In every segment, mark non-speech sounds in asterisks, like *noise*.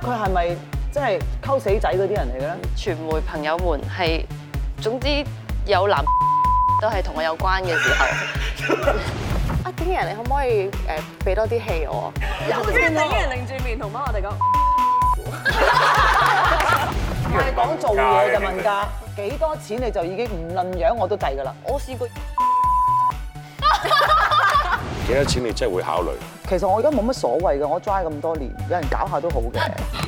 佢係咪即係溝死仔嗰啲人嚟嘅咧？傳媒朋友們係，總之有男 X X 都係同我有關嘅時候。 *laughs* 啊，點解人哋可唔可以誒俾多啲戲人丁人丁我？有邊個點解人擰住面同我哋講？係講 *laughs* 做嘢是就問價，幾文多錢你就已經唔論樣我都計㗎啦。我試過幾 *laughs* 多錢你真係會考慮？其實我而家冇乜所謂㗎，我 dry 咁多年，有人搞下都好嘅。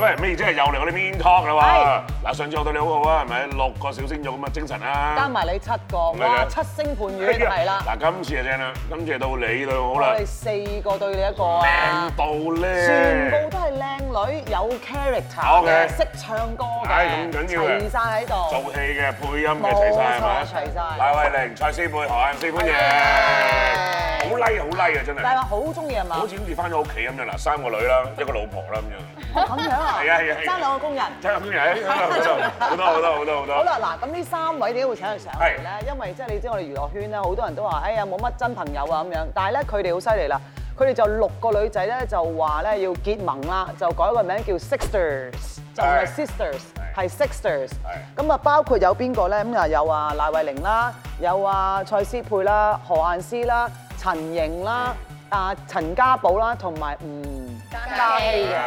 喂，咩意思啊？又嚟我啲面託啦喎！嗱，上次我對你好好啊，係咪？六個小星組咁嘅精神啊！加埋你七個，七星伴月，係啦。嗱，今次就正啦，今次到你對我啦。我哋四個對你一個啊！靚到咧，全部都係靚女，有 character，識唱歌，係咁緊要嘅，齊曬喺度，做戲嘅配音嘅齊曬係咪啊？齊曬。賴慰玲、蔡思貝、何雁詩，好叻好叻啊！真係。但係話好中意係嘛？好似好似翻咗屋企咁樣，嗱，三個女啦，一個老婆啦咁樣。咁樣啊？係啊係啊，爭兩個工人，爭工人好多好多好多好多。好啦，嗱，咁呢三位點解會請佢上嚟咧？是因為即係你知我哋娛樂圈啦，好多人都話，哎呀冇乜真朋友啊咁樣。但係咧，佢哋好犀利啦！佢哋就六個女仔咧，就話咧要結盟啦，就改個名叫 Sixters，就唔係 Sisters，係 Sixters 是。咁啊 是，是包括有邊個咧？咁啊，有啊賴慰玲啦，有啊蔡思貝啦，何雁詩啦，陳瑩啦。啊，陳家寶啦，同埋吳家輝裡嘅。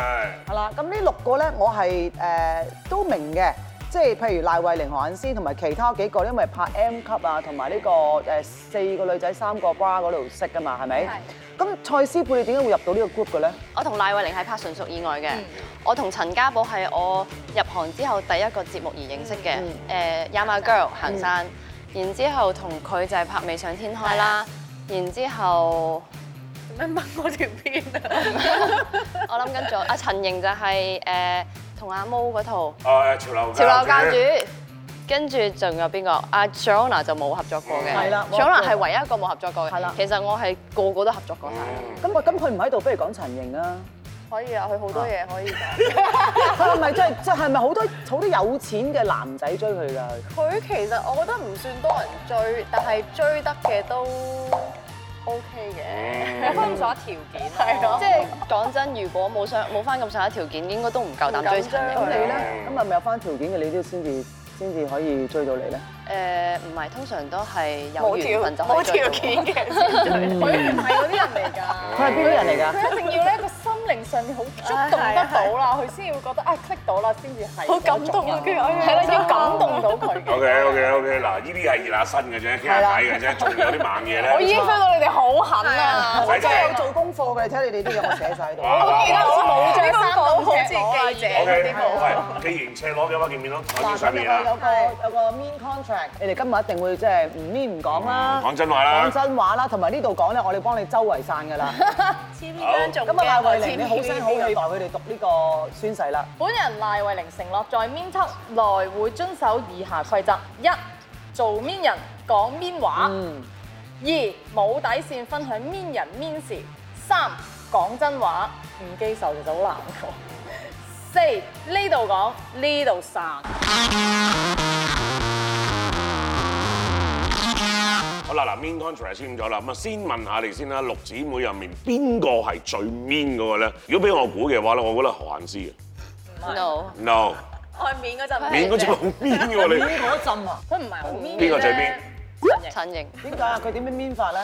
係啦裡，咁呢吧六個咧，我係誒都明嘅，即係譬如賴慰玲、何雁詩同埋其他幾個，因為拍 M 級啊，同埋呢個誒四個女仔三個瓜嗰度識噶嘛，係咪？咁是 蔡思貝點解會入到個呢個 group 嘅咧？我同賴慰玲係拍純屬意外嘅，我同陳家寶係我入行之後第一個節目而認識嘅，誒《野馬 Girl》行山，嗯嗯嗯、然之後同佢就係拍《未上天開》啦，對吧 然之後，後。咩掹我條辮啊！我諗緊咗，呃、阿陳瑩就係誒同阿毛嗰套。誒潮流潮流教主。教主跟住仲有邊個？阿、啊、Joanna 就冇合作過嘅。係啦的。Joanna 係唯一一個冇合作過嘅。係啦的。其實我係個個都合作過曬。咁佢咁佢唔喺度，不如講陳瑩啦。可以啊，佢好多嘢可以講。唔係， *laughs* 即係即係，係咪好多好多有錢嘅男仔追佢㗎？佢，其實我覺得唔算多人追，但係追得嘅都。OK 嘅，有翻咁上下條，對了 條件，即係講真，如果冇上冇翻咁上下條件，應該都唔夠膽追。咁、嗯、你咧？咁咪咪有翻條件嘅，你都先至先至可以追到你咧？誒、呃，唔係，通常都係有冇條緣冇條件嘅先追，佢唔係啲人嚟㗎。佢係邊啲人嚟㗎？佢一定要咧個心，好觸動得到啦，佢先會覺得啊 click 到啦，先至係好感動啊！跟住哎呀，係啦，要感動到佢。O K O K O K，嗱呢啲係熱下身嘅啫，傾下偈嘅啫，中意嗰啲猛嘢咧。我已經 feel 到你哋好狠啊！即係有做功課嘅，睇你哋啲嘢有冇寫曬喺度。我覺得而家好似冇做得到，好似記者啲報告。既然赤裸嘅話見面咯，我啲上面啊。有個有個 main contract，你哋今日一定會即係唔 mean 唔講啦。講真話啦。講真話啦，同埋呢度講咧，我哋幫你周圍散㗎啦。好。咁啊，賴慰玲你好。好期待佢哋讀呢個宣誓啦！本人賴慰玲承諾在 Mean 谷內會遵守以下規則：一、做 Mean 人講 Mean 話；嗯、二、冇底線分享 Mean 人 Mean 事；三、講真話，唔記仇就真好難講；四、呢度講，呢度散。 *noise* 好啦嗱，mean contract 簽咗啦，咁咪先問下你先啦，六姊妹入面邊個係最 mean 嗰個咧？如果俾我估嘅話咧，我覺得何雁詩啊。No 不。No。外面嗰針的。面嗰針好 mean 嘅喎你。邊個針啊？佢唔係好 mean。邊個最 mean？陳瀅。陳瀅。點解啊？佢點樣 mean 法咧？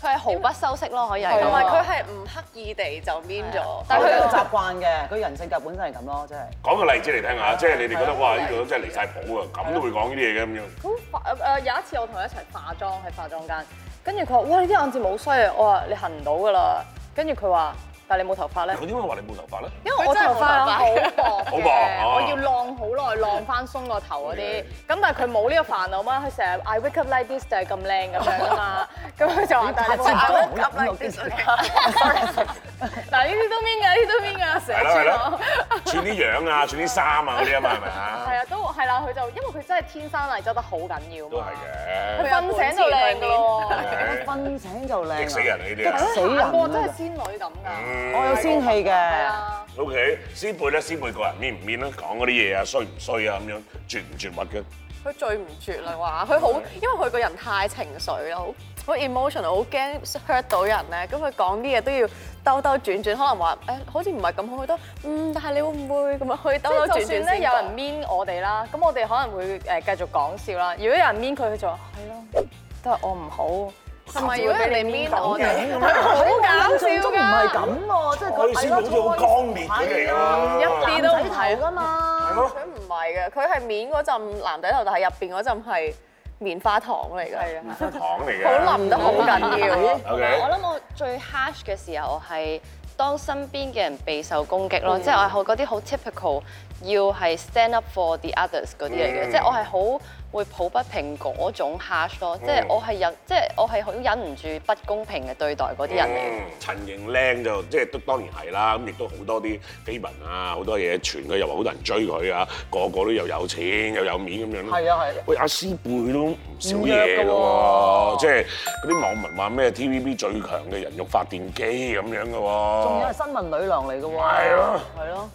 佢係毫不修飾咯，可以係，同埋佢係唔刻意地就 mean 咗，但係佢有習慣嘅，佢人性格本身係咁咯，即係。講個例子嚟聽下，即係對你哋覺得對哇呢個真係離晒譜㗎，咁都對會講呢啲嘢嘅咁樣。咁化誒有一次我同佢一齊化妝喺化妝間，跟住佢話：哇你啲眼線冇衰啊！我話你行唔到㗎啦。跟住佢話。但你冇頭髮咧？我點解話你冇頭髮咧？因為我真係頭髮，頭髮好薄 *laughs* 好薄的，好薄，我要浪好耐的，浪翻鬆個頭嗰啲。咁但係佢冇呢個煩惱啊嘛，佢成日 I wake up like this 就係咁靚咁樣啊嘛，咁佢就話、是、 *laughs* 但係你 wake up like this 我 *laughs* 嗱呢啲都 mean 㗎，呢啲都 mean 㗎，成日串，串啲樣啊，串啲衫啊嗰啲啊嘛，係咪啊？係啊，都係啦，佢就因為佢真係天生麗質得好緊要。都係嘅。佢瞓醒就靚㗎喎，瞓醒就靚。激死人呢啲，激死人，真係仙女咁㗎，嗯、我有仙氣嘅。O K，師妹咧，師妹個人 mean 唔 mean 咧？講嗰啲嘢啊，衰唔衰啊？咁樣絕唔絕密嘅？佢最唔絕啦，話，佢好，是的 因為佢個人太情緒啦，好，好 emotional，好驚 hurt 到人咧。咁佢講啲嘢都要兜兜轉轉，可能話誒、欸，好似唔係咁好。佢都嗯，但係你會唔會咁樣去兜兜轉轉先，咧才行 有人 mean 我哋啦，咁我哋可能會誒繼續講笑啦。如果有人 mean 佢，佢就係咯，都係我唔好。同埋如果人哋面我哋？佢好搞笑㗎！唔係咁喎，即係佢睇到好光面，係啊，一啲都唔使提㗎嘛。佢唔係嘅，佢係面嗰陣男仔頭，但係入邊嗰陣係棉花糖嚟嘅。係啊，糖嚟㗎。好淋得好緊要。我諗我最 harsh 嘅時候係當身邊嘅人備受攻擊咯，即係我係嗰啲好 typical 要係 stand up for the others 嗰啲嚟嘅，即係我係好。會抱不平嗰種 hush 咯，即係、嗯、我係、就是、忍，即係我係好忍唔住不公平嘅對待嗰啲人嘅，嗯。陳瑩靚就即係都當然係啦，咁亦都好多啲緋聞啊，好多嘢傳，佢又話好多人追佢啊，個個都又有錢又有、有面咁樣咯。係啊係。喂，阿思貝都唔少嘢㗎喎，即係嗰啲網民話咩 TVB 最強嘅人肉發電機咁樣㗎喎。仲要係新聞女郎嚟㗎喎。係咯的。係咯對了，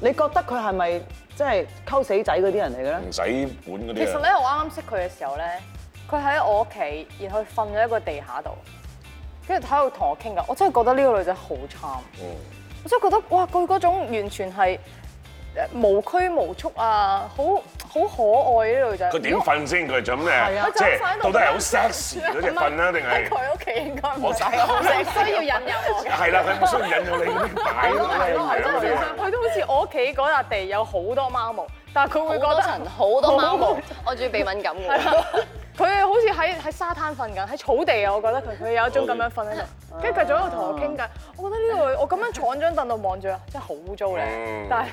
你覺得佢係咪？真係溝死仔嗰啲人嚟嘅咧，唔使管嗰啲。其實咧，我啱啱識佢嘅時候咧，佢喺我屋企，然後瞓喺一個地下度，跟住喺度同我傾偈。我真係覺得呢個女仔好慘，哦、我真係覺得哇，佢嗰種完全係。無拘無束啊，好好可愛呢啲女仔。佢點瞓先？佢就咁咧，是啊、即係到底係好 sexy 嗰隻瞓啦，定係？佢喺屋企應該唔使操。唔需要引誘我嘅。 *laughs* 係啦，佢唔需要引誘你。係咯，係咯， *laughs* 佢都好似我屋企嗰笪地有好多貓毛，但係佢會覺得好多，多貓毛。我最鼻敏感。佢好似喺喺沙灘瞓緊，喺草地啊！我覺得佢佢有一種咁樣瞓喺度。跟住佢仲喺度同我傾偈。我覺得呢度，我咁樣坐喺張凳度望住啊，真係好污糟咧！但係。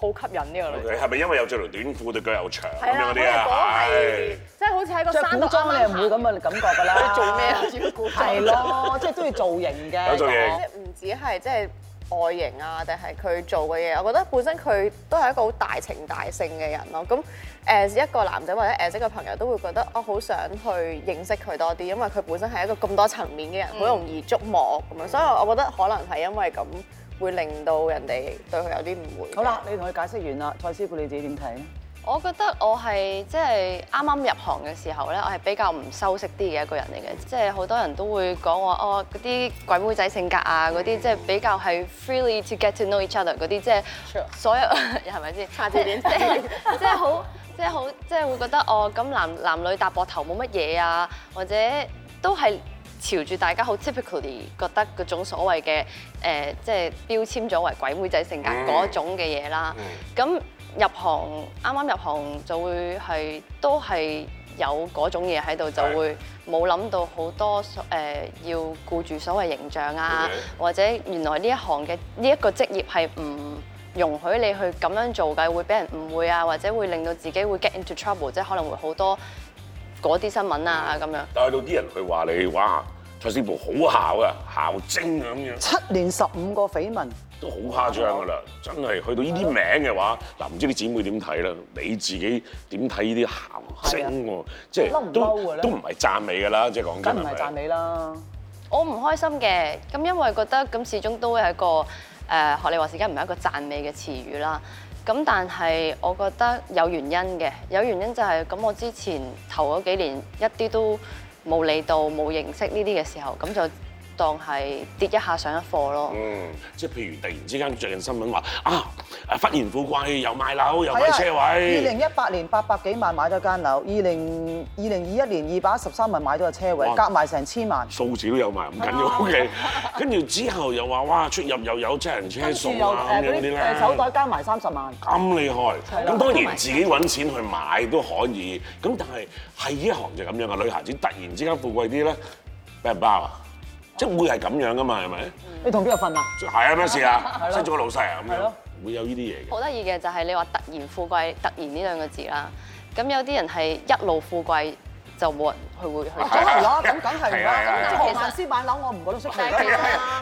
好吸引呢個女，係咪因為有着條短褲對腳又長咁樣嗰啲？如果係，即係好似喺個即係古裝，你係唔會咁嘅感覺㗎啦。你做咩啊？穿古裝係咯，了 *laughs* 即係都要造型嘅，即係唔止係即係外形啊，定係佢做嘅嘢。我覺得本身佢都係一個好大情大性嘅人咯。咁誒一個男仔或者誒即係個朋友都會覺得我好想去認識佢多啲，因為佢本身係一個咁多層面嘅人，好容易觸摸咁啊。嗯、所以，我覺得可能係因為咁。會令到人哋對佢有啲誤會好。好啦，你同佢解釋完啦，蔡師傅你自己點睇咧？我覺得我係即係啱啱入行嘅時候咧，我係比較唔修飾啲嘅一個人嚟嘅，即係好多人都會講我哦，嗰啲鬼妹仔性格啊，嗰啲即係比較係 freely to get to know each other 嗰啲，即係所有係咪先？擦字典，即係即係好，即係好，即係會覺得哦，咁男男女搭膊頭冇乜嘢啊，或者都係。朝住大家好，typically 覺得嗰種所謂嘅誒即係標籤咗為鬼妹仔性格嗰種嘅嘢啦。咁、嗯嗯、入行啱啱入行就會係都係有嗰種嘢喺度，就會冇諗到好多誒要顧住所謂形象啊，嗯嗯、或者原來呢一行嘅呢一個職業係唔容許你去咁樣做嘅，會俾人誤會啊，或者會令到自己會 get into trouble，即係可能會好多。嗰啲新聞啊，咁樣，但係到啲人去話你哇蔡思貝好姣啊，姣精啊咁樣，七年十五個緋聞，都好誇張㗎啦，真係去到呢啲名嘅話，嗱唔是的 知你姊妹點睇啦？你自己點睇呢啲姣精喎？即係都都唔係讚美㗎啦，即係講緊唔係讚美啦。我唔開心嘅，咁因為覺得咁始終都會係一個誒學你話齋，而家唔係一個讚美嘅詞語啦。咁但係我覺得有原因嘅，有原因就係咁，我之前頭嗰幾年一啲都冇理到，冇認識呢啲嘅時候，咁就當係跌一下上一課咯。嗯，即係譬如突然之間最近新聞話啊。忽然富貴，又買樓，又買車位。二零一八年八百幾萬買咗間樓，二零二零二一年二百一十三萬買咗個車位，加埋成千萬。數字都有埋，唔緊要。O K。跟住之後又話哇，出入又有七人車送啊咁樣啲咧。手袋加埋三十萬。咁厲害？咁當然自己揾錢去買都可以。咁但係係呢行就咁樣啊！女孩子突然之間富貴啲咧，俾人包啊！即係會係咁樣噶嘛？係咪？你同邊個瞓啊？係啊，咩事啊？識咗個老細啊咁。會有呢啲嘢。好得意嘅就係你話突然富貴，突然呢兩個字啦。咁有啲人係一路富貴，就冇人去會去。梗係啦，梗係啦，即係雁詩買樓，我唔覺得衰嘅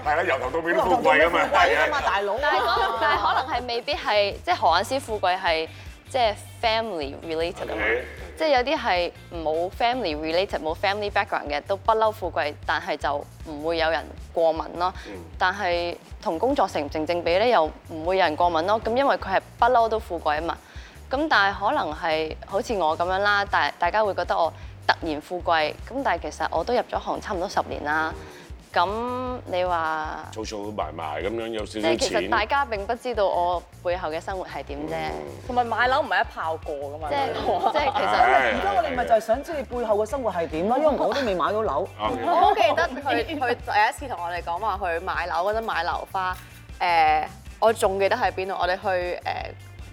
係啦，由頭到尾都富貴啊嘛，大佬。但係嗰但係可能係未必係，即係何雁詩富貴係即係 family related 啊嘛。即係有啲係冇 family related 冇 family background 嘅，都不嬲富貴，但係就唔會有人過敏咯。但係同工作成唔成正正比咧，又唔會有人過敏咯。咁因為佢係不嬲都富貴啊嘛。咁但係可能係好似我咁樣啦，但係大家會覺得我突然富貴。咁但係其實我都入咗行差唔多十年啦。咁你話儲儲埋埋咁樣有少少錢，即係其實大家並不知道我背後嘅生活係點啫。同埋買樓唔係一炮過㗎嘛，即係即係其實。而家我哋咪就係想知你背後嘅生活係點啦，因為我都未買到樓。對我好記得佢佢第一次同我哋講話，去買樓嗰陣買樓花，誒，我仲記得喺邊度，我哋去誒。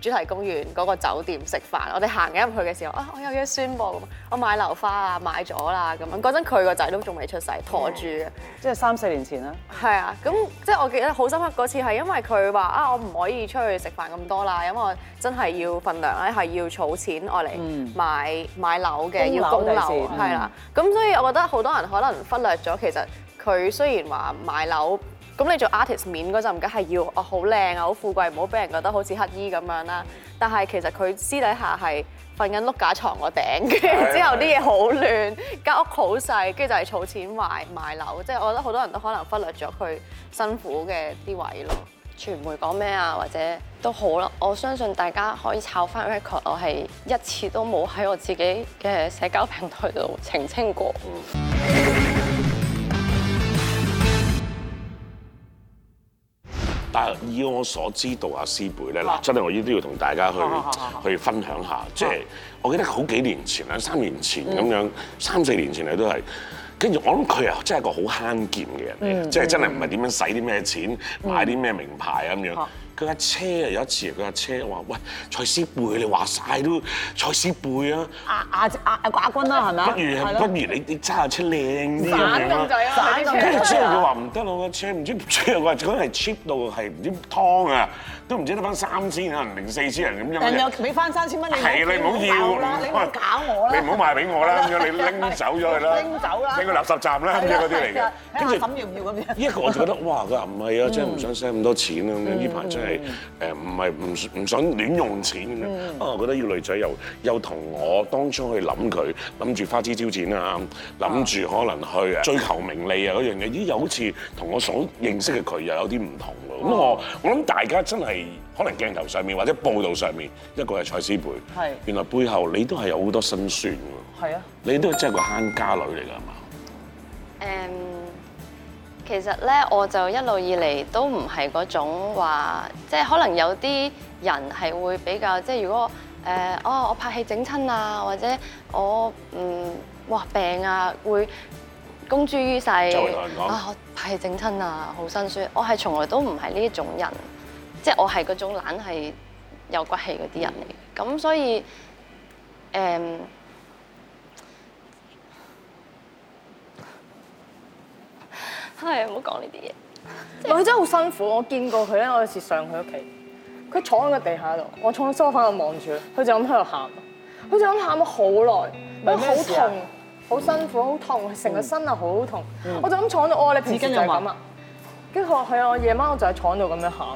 主題公園嗰個酒店食飯，我哋行入去嘅時候啊，我有嘢宣佈，咁，我買樓花啊，買咗啦咁。嗰陣佢個仔都仲未出世，妥住嘅。即係三四年前啦。係啊，咁即係我記得好深刻嗰次係因為佢話啊，我唔可以出去食飯咁多啦，因為我真係要份糧咧，係要儲錢我嚟買買樓嘅，嗯、要供樓係啦。咁、嗯啊、所以我覺得好多人可能忽略咗，其實佢雖然話買樓。咁你做 artist 面嗰陣，梗係要哦好靚啊，好富貴，唔好俾人覺得好似乞衣咁樣啦。但係其實佢私底下係瞓緊碌架牀嗰頂，跟住之對後啲嘢好亂，間屋好細，跟住就係儲錢買買樓。即係我覺得好多人都可能忽略咗佢辛苦嘅啲位咯。傳媒講咩啊？或者都好啦。我相信大家可以炒翻 record。我係一次都冇喺我自己嘅社交平台度澄清過。但係以我所知道阿思貝咧，嗱的真係我依都要同大家去去分享下，即係的、就是、我記得好幾年前兩三年前咁樣，的三四年前佢都係，跟住我諗佢又真係個好慳儉嘅人，即係的真係唔係點樣使啲咩錢買啲咩名牌啊咁樣。的佢架車啊，有一次佢架車話，喂，蔡思貝，你話晒都蔡思貝啊！阿阿阿阿君啦，係咪啊？不如不如你揸下出靚啲咁，跟住之後佢話唔得咯，架車唔知，跟住話嗰個係 cheap 到係唔知㗋啊，都唔知得翻三千人定四千人咁樣。人又俾翻三千蚊你，係你唔好要啦，你唔好搞我啦，你唔好賣俾我啦咁樣，你拎走咗佢啦，拎走啦，拎去垃圾站啦咁樣嗰啲嚟嘅。跟住沈耀耀咁樣。一個我就覺得哇，佢話唔係啊，真係唔想嘥咁多錢啊咁樣，依排係、嗯、誒，唔係唔唔想亂用錢嘅。啊，嗯、我覺得要女仔又又同我當初去諗佢，諗住花枝招展啊，諗住可能去追求名利啊嗰樣嘢，咦，又好似同我所認識嘅佢又有啲唔同喎。咁、嗯、我我諗大家真係可能鏡頭上面或者報道上面，一個係蔡思貝，係。原來背後你都係有好多辛酸喎。係啊，你都真係個慳家女嚟㗎嘛。誒。嗯其實咧，我就一路以嚟都唔係嗰種話，即係可能有啲人係會比較，即係如果誒，哦、呃，我拍戲整親啊，或者我嗯，哇、呃、病啊，會公諸於世啊，我拍戲整親啊，好辛酸。我係從來都唔係呢一種人，即係我係嗰種懶係有骨氣嗰啲人嚟嘅。咁、嗯、所以誒。呃係，唔好講呢啲嘢。佢真係好辛苦，我見過佢咧。我有時上佢屋企，佢坐喺個地下度，我坐喺梳化度望住佢，就咁喺度喊。佢就咁喊咗好耐，好痛，好辛苦，好痛，成個身啊好痛。嗯、我就咁坐喺度，我話你平時就係咁啊。跟住佢話：係啊，我夜晚我就喺床度咁樣喊。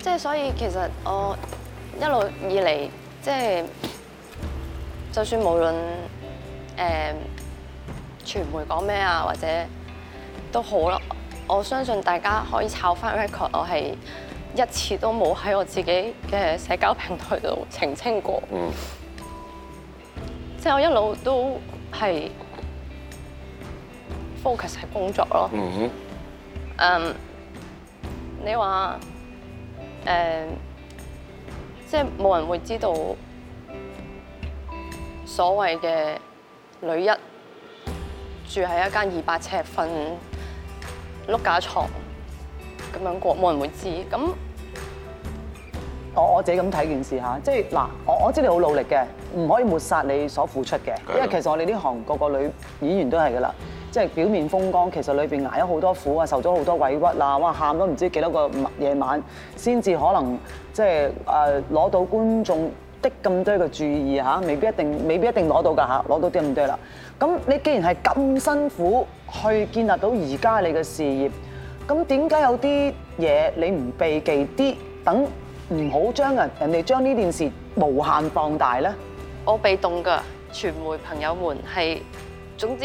即係所以其實我。一路以嚟，即係就算無論誒傳媒講咩啊，或者都好啦，我相信大家可以炒翻 record，我係一次都冇喺我自己嘅社交平台度澄清過，嗯。即係我一路都係 focus 喺工作咯。嗯哼。誒，你話誒？即係冇人會知道所謂嘅女一住喺一間二百尺瞓碌架床咁樣過，冇人會知。咁我我自己咁睇件事吓，即係嗱，我我知你好努力嘅，唔可以抹殺你所付出嘅，因為其實我哋呢行個個女演員都係㗎啦。即係表面風光，其實裏邊捱咗好多苦啊，受咗好多委屈啦，哇！喊都唔知幾多個夜晚，先至可能即係誒攞到觀眾的咁多嘅注意嚇，未必一定未必一定攞到㗎嚇，攞到啲咁多啦。咁你既然係咁辛苦去建立到而家你嘅事業，咁點解有啲嘢你唔避忌啲，等唔好將人人哋將呢件事無限放大咧？我被動㗎，傳媒朋友們係總之。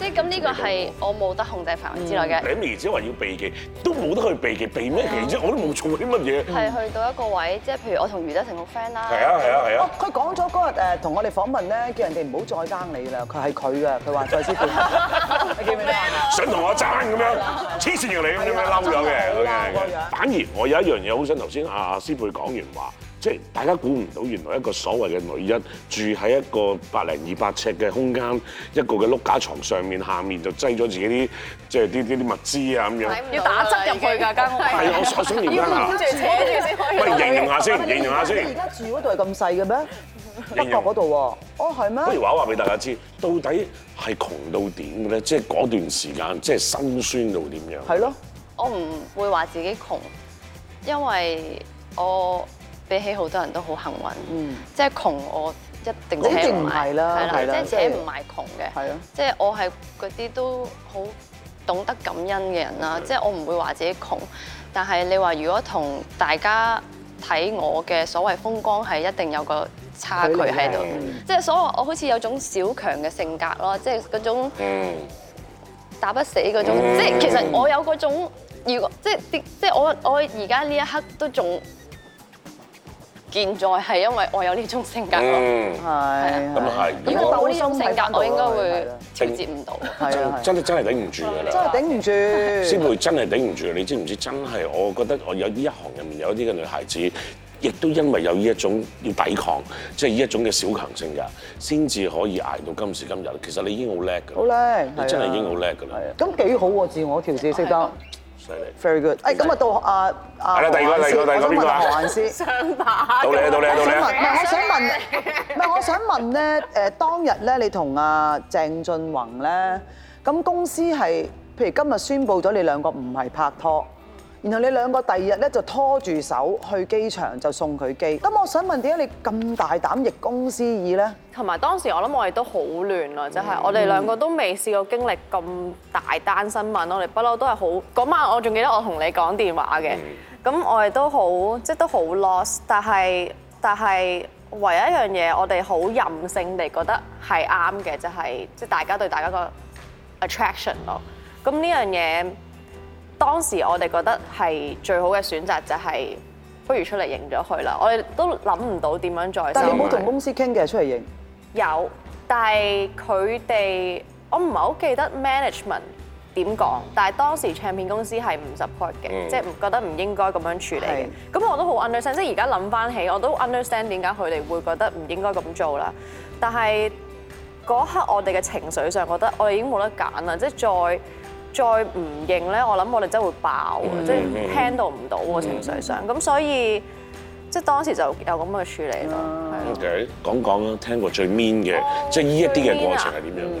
即咁呢個係我冇得控制範圍之內嘅。頂你而家話要避忌，都冇得去避忌，避咩忌啫？對了 我都冇做啲乜嘢。係去到一個位，即係譬如我同余德成好 friend 啦。係啊，係啊，係啊。佢講咗嗰日誒，同我哋訪問咧，叫人哋唔麼好再爭你啦。佢係佢噶，佢話蔡思貝。你記唔記得？想同我爭咁樣，黐線嘅你咁樣嬲咗嘅，反而我有一樣嘢好想頭先阿思貝講完話。即係 *music* 大家估唔到，原來一個所謂嘅女人住喺一個百零二百尺嘅空間，一個嘅碌架床上面、下面就擠咗自己啲即係啲啲啲物資啊咁樣，要打側入去㗎間屋。係啊、哦，我我想而家啊，不，不如形容下先，嗯、形容下先。而家住嗰度咁細嘅咩？北角嗰度喎？哦，係咩？不如話話俾大家知到底係窮到點嘅咧？即係嗰段時間，即係辛酸到點樣？係咯，我唔會話自己窮，因為我。比起好多人都好幸運，嗯、即係窮我一定係唔係啦，即係自己唔係窮嘅，即係對我係嗰啲都好懂得感恩嘅人啦。即係對 我唔會話自己窮，對 但係你話如果同大家睇我嘅所謂風光係一定有個差距喺度，即係所以我好似有種小強嘅性格咯，即係嗰種打不死嗰種，即係、嗯、其實我有嗰種，如果即係即係我即我而家呢一刻都仲。現在係因為我有呢種性格咯，咁啊如果冇呢種性格，我應該會承接唔到，係啊，真真真係頂唔住㗎啦，真係頂唔住。先會真係頂唔住，你知唔知？真係我覺得我有呢一行入面有啲嘅女孩子，亦都因為有呢一種要抵抗，即係呢一種嘅小強性格，先至可以捱到今時今日。其實你已經好叻㗎，好叻，你真係已經好叻㗎啦。咁幾好喎，自我調節識得。Very good！誒咁啊，到阿阿第二個，第二個，第二個。到你啊，到你啊，到你啊！唔係我想問，唔係我想問咧。誒當日咧，你同阿鄭俊弘咧，咁公司係，譬如今日宣布咗你兩個唔係拍拖。然後你兩個第二日咧就拖住手去機場就送佢機。咁我想問點解你咁大膽逆公司意咧？同埋當時我諗我哋都好亂啊，即係我哋兩個都未試過經歷咁大單新聞咯。我哋不嬲都係好嗰晚，我仲記得我同你講電話嘅。咁我哋都好即係都好 lost，但係但係唯一一樣嘢我哋好任性地覺得係啱嘅，就係即係大家對大家個 attraction 咯。咁呢樣嘢。當時我哋覺得係最好嘅選擇就係不如出嚟認咗佢啦。我哋都諗唔到點樣再。但係你冇同公司傾嘅出嚟認？有，但係佢哋我唔係好記得 management 點講。但係當時唱片公司係唔 support 嘅，嗯、即係唔覺得唔應該咁樣處理嘅。咁是我都好 understand。即係而家諗翻起，我都 understand 點解佢哋會覺得唔應該咁做啦。但係嗰一刻我哋嘅情緒上覺得我哋已經冇得揀啦，即係再。再唔認咧，我諗我哋真係會爆啊，即係 handle 唔到嘅情緒上，咁、嗯、所以即係當時就有咁嘅處理咯。OK，講講啊，聽過最 mean 嘅，哦、即係呢一啲嘅過程係點樣嘅？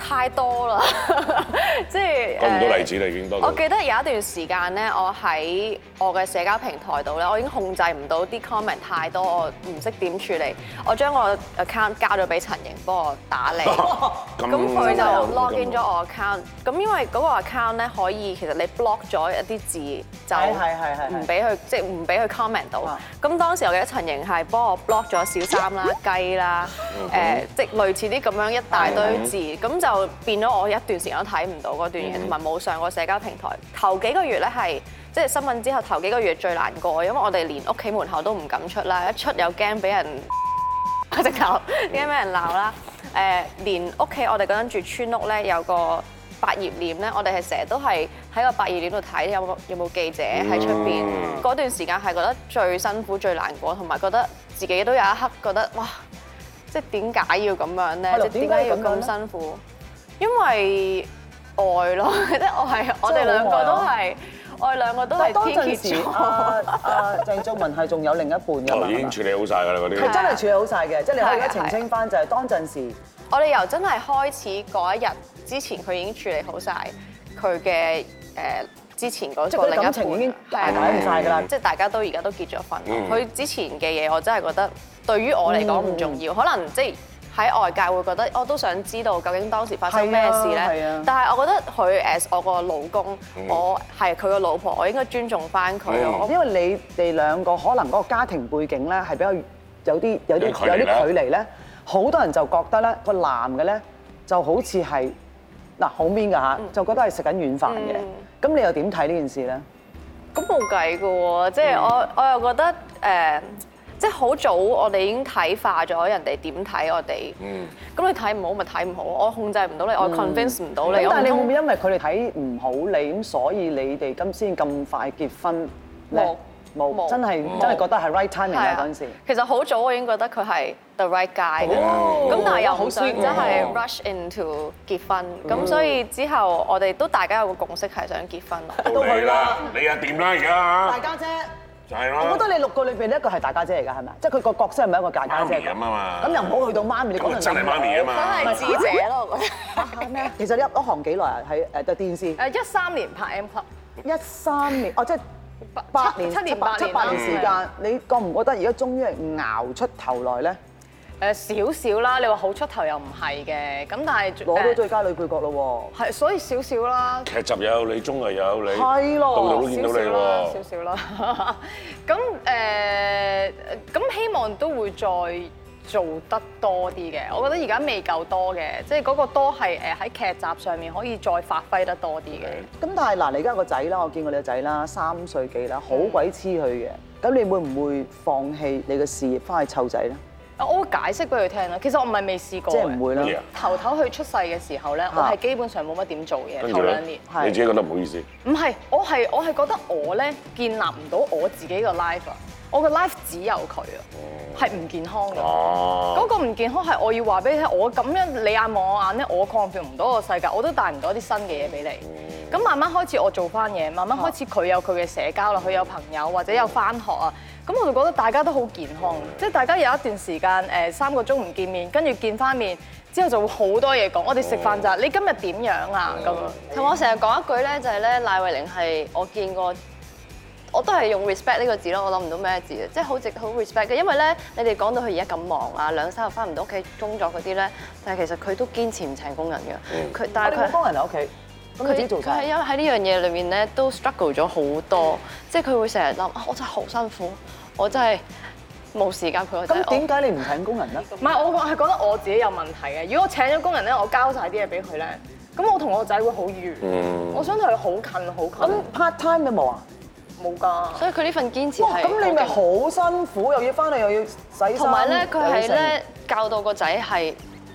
太多啦，即係唔多例子啦，已經多。我記得有一段時間咧，我喺我嘅社交平台度咧，我已經控制唔到啲 comment 太多，我唔識點處理。我將我 account 交咗俾陳瑩幫我打理，咁佢就 login 咗我 account。咁因為嗰個 account 咧，可以其實你 block 咗一啲字就係係係唔俾佢即係唔俾佢 comment 到。咁當時我記得陳瑩係幫我 block 咗小三啦、雞啦、誒即係類似啲咁樣一大堆字，咁就。就變咗我一段時間都睇唔到嗰段嘢，同埋冇上過社交平台。頭幾個月咧係即係新聞之後頭幾個月最難過，因為我哋連屋企門口都唔敢出啦，一出又驚俾人一直鬧，驚俾 *laughs* 人鬧啦？誒，連屋企我哋嗰陣住村屋咧，有個百葉簾咧，我哋係成日都係喺個百葉簾度睇有有冇記者喺出邊。嗰段時間係覺得最辛苦、最難過，同埋覺得自己都有一刻覺得哇，即係點解要咁樣咧？吧即係點解要咁辛苦？因為外咯，即係我係我哋兩個都係我哋兩個都係當陣時。啊啊！鄭俊弘係仲有另一半噶，已經處理好晒㗎啦，啲。佢真係處理好晒嘅，即係你可以而家澄清翻就係當陣時。我哋由真係開始嗰一日之前，佢已經處理好晒佢嘅誒之前嗰個感情已經解決唔晒㗎啦。即係大家都而家都結咗婚。佢之前嘅嘢，我真係覺得對於我嚟講唔重要。可能即係。喺外界會覺得，我都想知道究竟當時發生咩事咧。但係我覺得佢誒，我個老公，我係佢個老婆，我應該尊重翻佢。因為你哋兩個可能嗰個家庭背景咧，係比較有啲有啲有啲距離咧。好多人就覺得咧，個男嘅咧就好似係嗱好 mean 㗎嚇，就覺得係食緊軟飯嘅。咁，嗯，你又點睇呢件事咧？咁冇計嘅喎，即係我我又覺得誒。呃即係好早，我哋已經睇化咗人哋點睇我哋。嗯。咁你睇唔好咪睇唔好，我控制唔到你，我 convince 唔到你。咁但係你會唔會因為佢哋睇唔好你，咁所以你哋今先咁快結婚咧？冇冇，真係真係覺得係 right timing 啊嗰陣時。其實好早我已經覺得佢係 the right guy 啦。哦。咁但係又好想真係 rush into 結婚，咁所以之後我哋都大家有個共識係想結婚。都係啦，你又掂點啦而家，大家姐。我覺得你六個裏邊咧一個係大家姐嚟㗎，係咪？即係佢個角色係咪一個大家姐咁啊？媽咪咁嘛，咁又唔好去到媽咪，你講真係媽咪啊嘛，咪智者咯，我覺得。咩？ *laughs* 其實你入咗行幾耐啊？喺誒電視。誒一三年拍 M club。一三年哦，即係八年七年八年時間，的你覺唔覺得而家終於係熬出頭來咧？誒少少啦，你話好出頭又唔係嘅，咁但係攞到最佳女配角咯喎，係，所以少少啦。劇集又有你，綜藝又有你，係咯，都見到你啦，少少啦。 *laughs* 咁、呃、誒，咁希望都會再做得多啲嘅。我覺得而家未夠多嘅，即係嗰個多係誒喺劇集上面可以再發揮得多啲嘅。咁但係嗱，你而家個仔啦，我見過你個仔啦，三歲幾啦，好鬼黐佢嘅。咁是的 你會唔會放棄你嘅事業，翻去湊仔咧？我會解釋俾佢聽啦。其實我唔係未試過嘅。是嗎 頭頭佢出世嘅時候咧，是嗎 我係基本上冇乜點做嘢。頭兩年，你自己覺得唔好意思？唔係，我係我係覺得我咧建立唔到我自己個 life。我嘅 life 只有佢啊，係唔健康嘅。嗰個唔健康係我要話俾你聽，我咁樣你眼望我眼咧，我擴闊唔到個世界，我都帶唔到啲新嘅嘢俾你。咁慢慢開始我做翻嘢，慢慢開始佢有佢嘅社交啦，佢有朋友或者有翻學啊。咁我就覺得大家都好健康，即係、啊、大家有一段時間誒三個鐘唔見面，跟住見翻面之後就會好多嘢講。我哋食飯就你今日點樣啊咁。同樣、嗯、我成日講一句咧，就係咧，賴慰玲係我見過。我都係用 respect 呢個字咯，我諗唔到咩字即係好直好 respect 嘅，因為咧，你哋講到佢而家咁忙啊，兩三日翻唔到屋企工作嗰啲咧，但係其實佢都堅持唔請工人嘅。佢但係佢、啊、工人喺屋企，佢自己做曬。佢係因為喺呢樣嘢裏面咧都 struggle 咗好多，即係佢會成日諗啊，我真係好辛苦，我真係冇時間陪我仔。咁點解你唔請工人咧？唔係我係覺得我自己有問題嘅。如果我請咗工人咧，我交晒啲嘢俾佢咧，咁我同我仔會好遠。我想同佢好近，好近。咁 part time 有冇啊？冇㗎，所以佢呢份堅持係，咁你咪好辛苦，又要翻嚟又要洗衫，同埋咧佢係咧教到個仔係。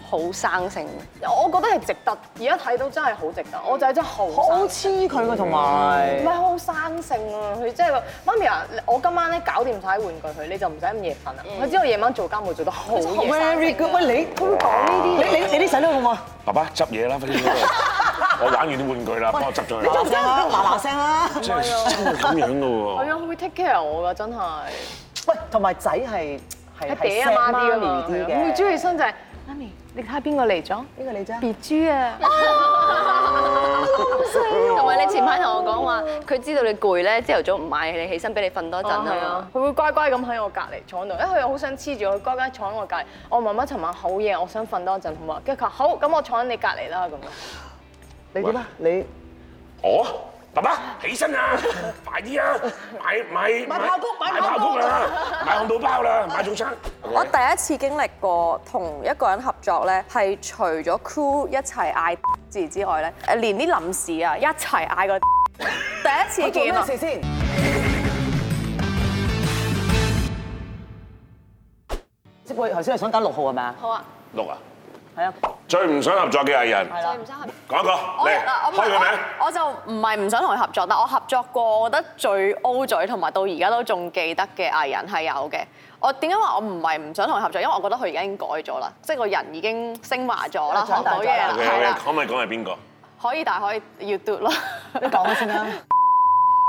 好生性，我覺得係值得。而家睇到真係好值得，我仔真係好好黐佢嘅同埋，唔係好生性啊！佢即係話媽咪啊！我今晚咧搞掂晒玩具佢，你就唔使咁夜瞓啦。佢知道夜晚做家務做得好生。Very good！喂，你點講呢啲你你你啲仔女好啊！爸爸執嘢啦，快啲！我玩完啲玩具啦，幫我執咗佢。嗱嗱聲啦！嗱嗱聲啦！真係真係咁樣嘅喎。係啊，佢會 take care 我㗎，真係。喂，同埋仔係係係，媽咪啲嘅。會中意生仔媽咪。你睇下邊個嚟咗？呢個嚟咗啊！別豬啊！同埋、啊、我你前排同我講話，佢、啊、知道你攰咧，朝頭早唔買，你起身俾你瞓多陣係啊！佢吧會乖乖咁喺我隔離坐喺度，因為佢又好想黐住我，乖乖坐喺我隔離。我媽媽尋晚好夜，我想瞓多陣，好嘛？跟住佢話好，咁我坐喺你隔離啦咁啊！樣你點啊？喂你我？爸爸起身啊！ *laughs* 快啲啊！買買買爆谷，買爆谷啊！買漢堡包啦，買早餐。好吧 我第一次經歷過同一個人合作咧，係除咗 crew 一齊嗌字之外咧，誒連啲臨時啊一齊嗌個。第一次見咩 *laughs* 事先？思貝頭先係想打六號係咪啊？好啊。六啊。係啊！最唔想合作嘅藝人，講一個嚟，開個名。我就唔係唔想同佢合作，但我合作過覺得最 O 嘴，同埋到而家都仲記得嘅藝人係有嘅。我點解話我唔係唔想同佢合作？因為我覺得佢而家已經改咗啦，即係個人已經升華咗啦，講好嘢啦。可唔可以講係邊個？可以，但係可以要 do 咯。你講先啦。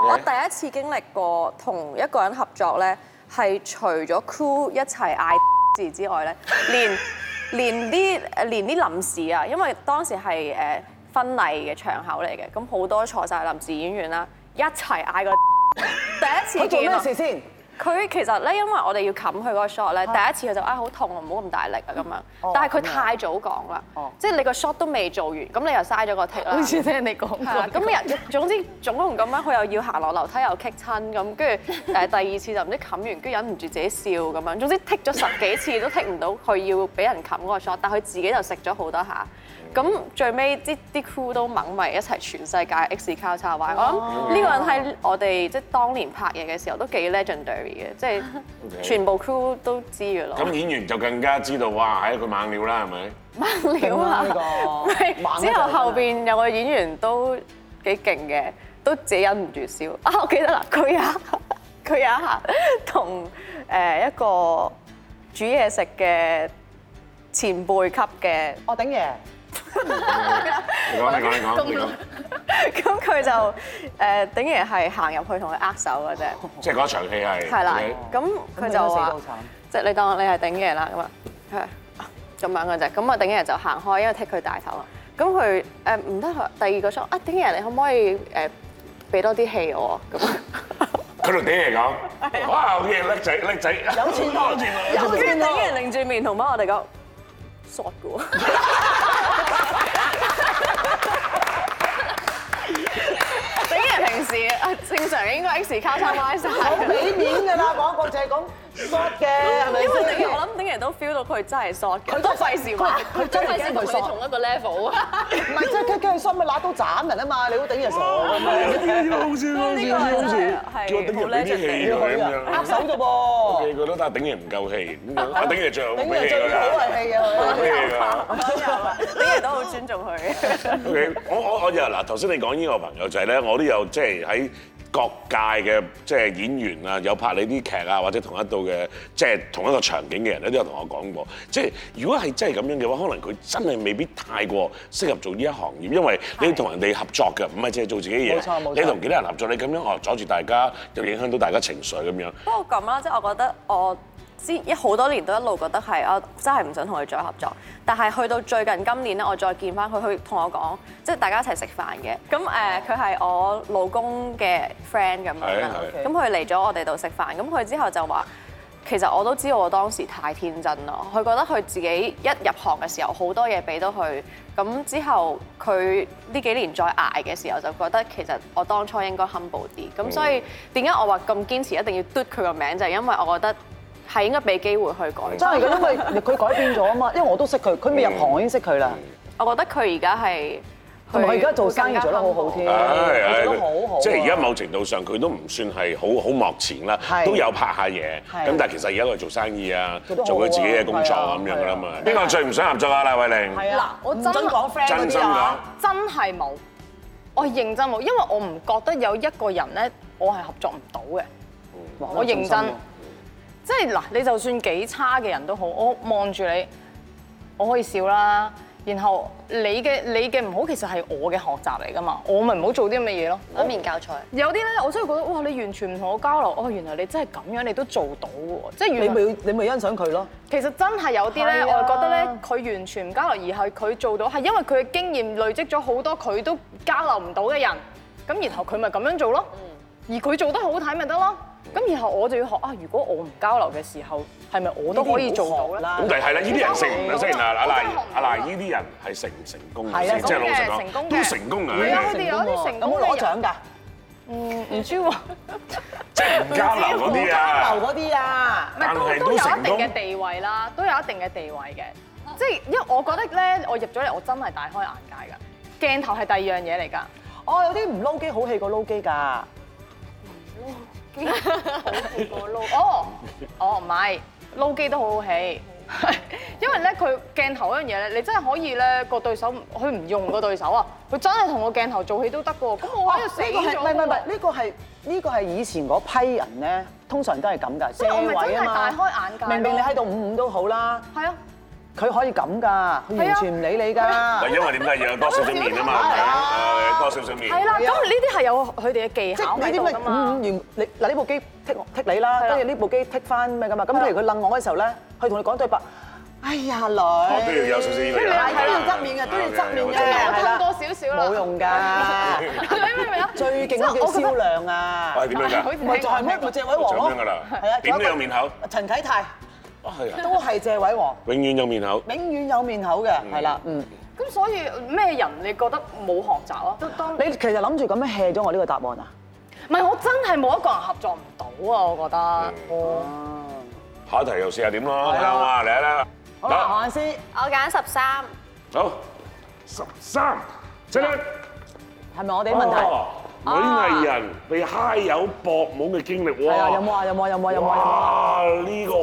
我第一次經歷過同一個人合作咧，係除咗 cool 一齊嗌字之外咧，連連啲誒連啲臨時啊，因為當時係誒婚禮嘅場口嚟嘅，咁好多坐曬臨時演員啦，一齊嗌個第一次 *laughs* 做咩事先？佢其實咧，因為我哋要冚佢嗰個 shot 咧，啊、第一次佢就啊好痛啊，唔好咁大力啊咁樣。哦、但係佢太早講啦，哦、即係你個 shot 都未做完，咁你又嘥咗個 tick 啦。好似聽你講過。係啦對，咁你總之總共咁樣，佢 *laughs* 又要行落樓梯又棘親咁，跟住誒第二次就唔知冚完，跟住忍唔住自己笑咁樣。總之剔咗十幾次都剔唔到，佢要俾人冚嗰個 shot，但係佢自己就食咗好多下。咁最尾啲啲 crew 都猛埋一齊，全世界 X 交叉壞。我諗呢個人喺我哋即係當年拍嘢嘅時候都幾 legendary 嘅，即係全部 crew 都知嘅咯。咁演員就更加知道，哇係一個猛料啦，係咪？猛料啊！唔係之後後邊有個演員都幾勁嘅，都自己忍唔住笑。啊， *laughs* 我記得啦，佢有佢有一下同誒一個煮嘢食嘅前輩級嘅我鼎爺。你講，你講，你講。咁佢就誒鼎爺係行入去同佢握手嘅啫。即係嗰一場戲係。係啦。咁佢就話。即係你當你係鼎爺啦，咁啊。係。咁樣嘅啫。咁啊鼎爺就行開，因為踢佢大頭啦。咁佢誒唔得，第二個錯啊！鼎爺，你可唔可以誒俾多啲戲我？咁。佢同鼎爺講。係啊。哇！鼎爺叻仔叻仔。有錢多啲啊！有錢鼎爺擰住面同媽咪講，索嘅喎。畀 *laughs* 人平時啊，正常應該 X 卡叉 y 晒，冇俾面㗎啦，講個就係咁。索嘅係咪？因為我諗頂人都 feel 到佢真係索嘅。佢都費事話，佢真係驚同佢重一個 level 唔係，即係佢佢心咪揦刀斬人啊嘛！你都頂人傻嘅嘛？呢啲都好笑，好笑，好笑！叫我頂人俾啲氣佢咁樣，握手啫噃。O K，佢都但係頂人唔夠氣，咁、啊、樣。我頂人最唔俾氣㗎啦。頂人最唔好為氣㗎，我頂人。頂人都好尊重佢。O K，我我我又嗱，頭先你講呢個朋友就係咧，我都有即係喺。就是各界嘅即係演員啊，有拍你啲劇啊，或者同一度嘅即係同一個場景嘅人咧，都有同我講過即，即係如果係真係咁樣嘅話，可能佢真係未必太過適合做呢一行業，因為你同人哋合作嘅，唔係淨係做自己嘢。冇錯冇錯。錯你同其他人合作，你咁樣，哦，阻住大家，又影響到大家情緒咁樣、樣。不過咁啦，即係我覺得我。知一好多年都一路覺得係，我真係唔想同佢再合作。但係去到最近今年咧，我再見翻佢，佢同我講，即係大家一齊食飯嘅。咁誒，佢係我老公嘅 friend 咁樣啦。咁佢嚟咗我哋度食飯。咁佢之後就話：其實我都知道我當時太天真咯。佢覺得佢自己一入行嘅時候好多嘢俾到佢。咁之後佢呢幾年再捱嘅時候，就覺得其實我當初應該 humble 啲。咁所以點解我話咁堅持一定要嘟佢個名，就係因為我覺得。係應該俾機會去改變。真係噶，因為佢改變咗啊嘛，因為我都識佢，佢未入行我已經識佢啦。我覺得佢而家係同埋佢而家做生意做得好好添，都好好。即係而家某程度上，佢都唔算係好好幕前啦，都有拍下嘢。咁但係其實而家佢做生意啊，做佢自己嘅工作咁樣啦嘛。邊個最唔想合作啊？賴慰玲。嗱，我真講 friend 啲啊，真係冇，我認真冇，因為我唔覺得有一個人咧，我係合作唔到嘅。我認真。即係嗱，你就算幾差嘅人都好，我望住你，我可以笑啦。然後你嘅你嘅唔好，其實係我嘅學習嚟噶嘛，我咪唔好做啲咁嘅嘢咯。一面教材有啲咧，我真係覺得哇，你完全唔同我交流，哦，原來你真係咁樣，你都做到喎，即係。你咪你咪欣賞佢咯。其實真係有啲咧，我係覺得咧，佢完全唔交流，而係佢做到，係因為佢嘅經驗累積咗好多，佢都交流唔到嘅人。咁然後佢咪咁樣做咯，而佢做得好睇咪得咯。咁然後我就要學啊！如果我唔交流嘅時候，係咪我都可以做到啦？咁誒係啦，呢啲人成唔成啊？阿賴，阿賴，呢啲人係成唔成功？即係老實講成功都成功啊！佢哋有啲成功，攞獎㗎。嗯，唔知喎。即係唔交流嗰啲啊！交流嗰啲啊！都都有一定嘅地位啦，都有一定嘅地位嘅。即係因為我覺得咧，我入咗嚟，我真係大開眼界㗎。鏡頭係第二樣嘢嚟㗎。我有啲唔撈機，好氣過撈機㗎。 *laughs* 好自撈哦，哦唔係，撈機都好好戲， *laughs* 因為咧佢鏡頭嗰樣嘢咧，你真係可以咧個對手，佢唔用個對手啊，佢真係同個鏡頭做戲都得嘅喎。咁我喺度死咗。唔係唔係，呢個係呢個係以前嗰批人咧，通常都係咁㗎，四位啊嘛。我咪真係大開眼界。明明你喺度五五都好啦。係啊。佢可以咁噶，佢完全唔理你噶。嗱，因為點解要有多少少面啊嘛？係啊，多少少面。係啦，咁呢啲係有佢哋嘅技巧喺度噶嘛？嗯，完你嗱呢部機剔剔你啦，跟住呢部機剔翻咩噶嘛？咁譬如佢楞我嘅時候咧，佢同你講對白。哎呀女，我都要有少少面，都要側面嘅，都要側面嘅，係啦，冇用㗎。你明唔明啊？最勁嘅銷量啊，係點樣㗎？就係咩？就係借位王咯。點都有面口。陳啟泰。 *laughs* 都係謝偉華，永遠有面口，永遠有面口嘅，係啦，嗯。咁所以咩人你覺得冇學習啊？你其實諗住咁樣 hea 咗我呢個答案啊？唔係，我真係冇一個人合作唔到啊！我覺得、嗯，哦。啊、下一題又試下點咯，嚟啦對了 吧，嚟啦。大韓師，我揀十三。好，十三，請你。係咪吧我哋啲問題？哦哦 *music* 女藝人被揩油搏懵嘅經歷，有有哇！呢個、有冇啊？有冇有冇有冇啊？哇！呢個名就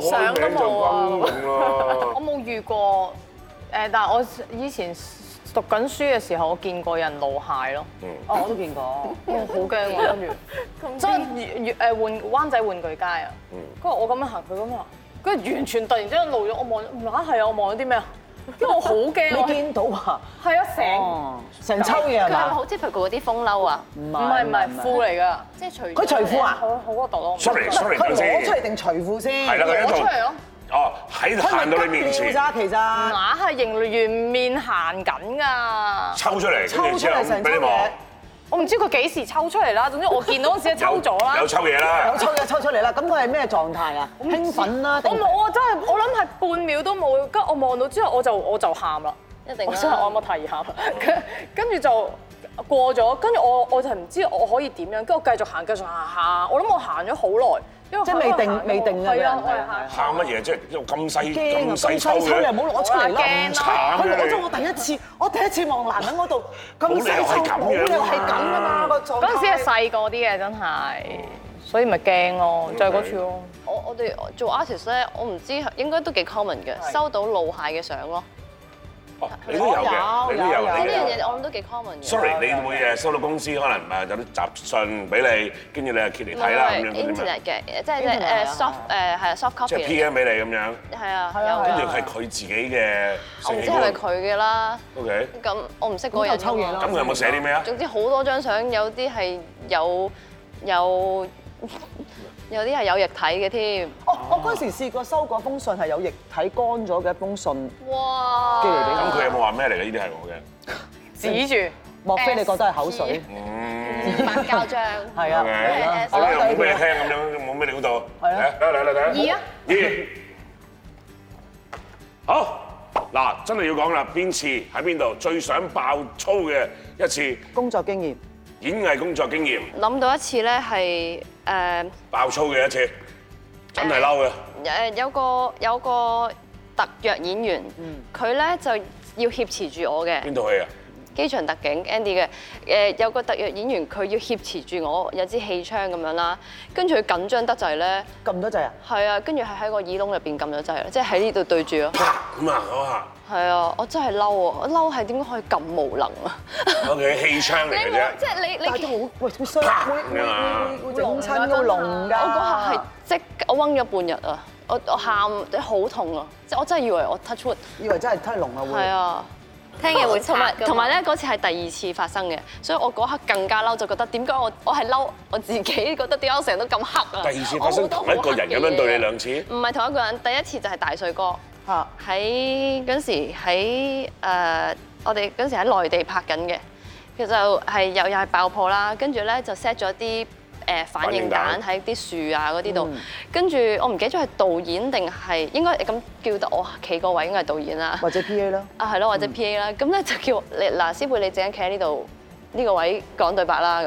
夠勁啦！我冇遇過，誒，但係我以前讀緊書嘅時候，我見過有人露械咯。嗯、哦，我都見過，因為好驚啊，跟住真係誒，玩灣仔玩具街啊。嗯。跟住我咁樣行，佢咁行，跟住完全突然之間露咗，我望，唔係啊，係啊，我望咗啲咩啊？因為我好驚，你見到啊？係啊，成成抽嘢啊！佢係咪好似佢嗰啲風褸啊？唔係唔係褲嚟㗎，即係除佢除褲啊！好惡毒咯！Sorry sorry，佢攞出嚟定除褲先？係啦，攞出嚟咯。哦，喺行到你面前，乸係迎面行緊㗎。抽出嚟，抽出嚟成抽嘢。我唔知佢幾時抽出嚟啦，總之我見到嗰時抽咗啦，有抽嘢啦，有抽嘢抽出嚟啦，咁佢係咩狀態啊？興奮啦！我冇，我真係我諗係半秒都冇，跟住我望到之後我就我就喊啦一定， *laughs* 我想我有冇提下？跟住就過咗，跟住我我就唔知我可以點樣，跟住我繼續行，繼續行下，我諗我行咗好耐。即係未定未定㗎，喊乜嘢？即係又咁細咁細粗，你唔好攞出嚟啦！好慘啊！我第一次，我第一次望男人嗰度咁細粗，咁又係咁㗎嘛！嗰陣時係細個啲嘅，真係，所以咪驚咯，就係嗰處咯。我我哋做 artist 咧，我唔知應該都幾 common 嘅，收到露蟹嘅相咯。你都有嘅，你都有。呢樣嘢我諗都幾 common 嘅。Sorry，你會誒收到公司可能誒有啲雜訊俾你，跟住你又揭嚟睇啦咁樣。Internet 嘅，即係誒誒 soft 誒係 soft copy。即係 PM 俾你咁樣。係啊，跟住係佢自己嘅。總之係佢嘅啦。OK。咁我唔識嗰人，抽嘢啦。咁佢有冇寫啲咩啊？總之好多張相，有啲係有有。有啲係有液體嘅添。哦，我嗰陣時試過收過封信，係有液體乾咗嘅一封信。哇！咁佢有冇話咩嚟嘅？呢啲係我嘅。指住，莫非你覺得係口水？嗯。膠章。係啊。好啦，我講俾你聽，咁樣冇咩料到。係啊，嚟嚟嚟。二啊。二。好，嗱，真係要講啦，邊次喺邊度最想爆粗嘅一次？工作經驗。演藝工作經驗。諗到一次咧係。誒爆粗嘅一次，真係嬲嘅。誒有個有個特約演員，佢咧就要挾持住我嘅。邊度去啊？機場特警 Andy 嘅，誒有個特約演員佢要挾持住我有支氣槍咁樣啦，跟住佢緊張得滯咧，撳多滯啊？係啊，跟住係喺個耳窿入邊撳咗滯即係喺呢度對住咯。咁啊，下係啊，我真係嬲啊，我嬲係點解可以咁無能啊？嗰個氣槍嚟嘅啫，即係你你叫好，喂，衰好咩啊？我嗰下係即我暈咗半日啊，我我喊好痛啊，即係我真係以為我 touch，以為真係吞龍啊會。係啊。聽嘢會差，同埋同埋咧嗰次係第二次發生嘅，所以我嗰刻更加嬲，就覺得點解我我係嬲我自己，覺得點解我成日都咁黑啊！第二次發生同一個人咁樣對你兩次，唔係同一個人。第一次就係大帥哥，喺嗰時喺誒我哋嗰時喺內地拍緊嘅，其實係又又係爆破啦，跟住咧就 set 咗啲。誒反應彈喺啲樹啊嗰啲度，跟住我唔記得咗係導演定係應該咁叫得我企嗰位應該係導演啦，或者 P A 啦，啊係咯或者 P A 啦，咁咧就叫你，嗱，師傅，你陣間企喺呢度呢個位講對白啦咁，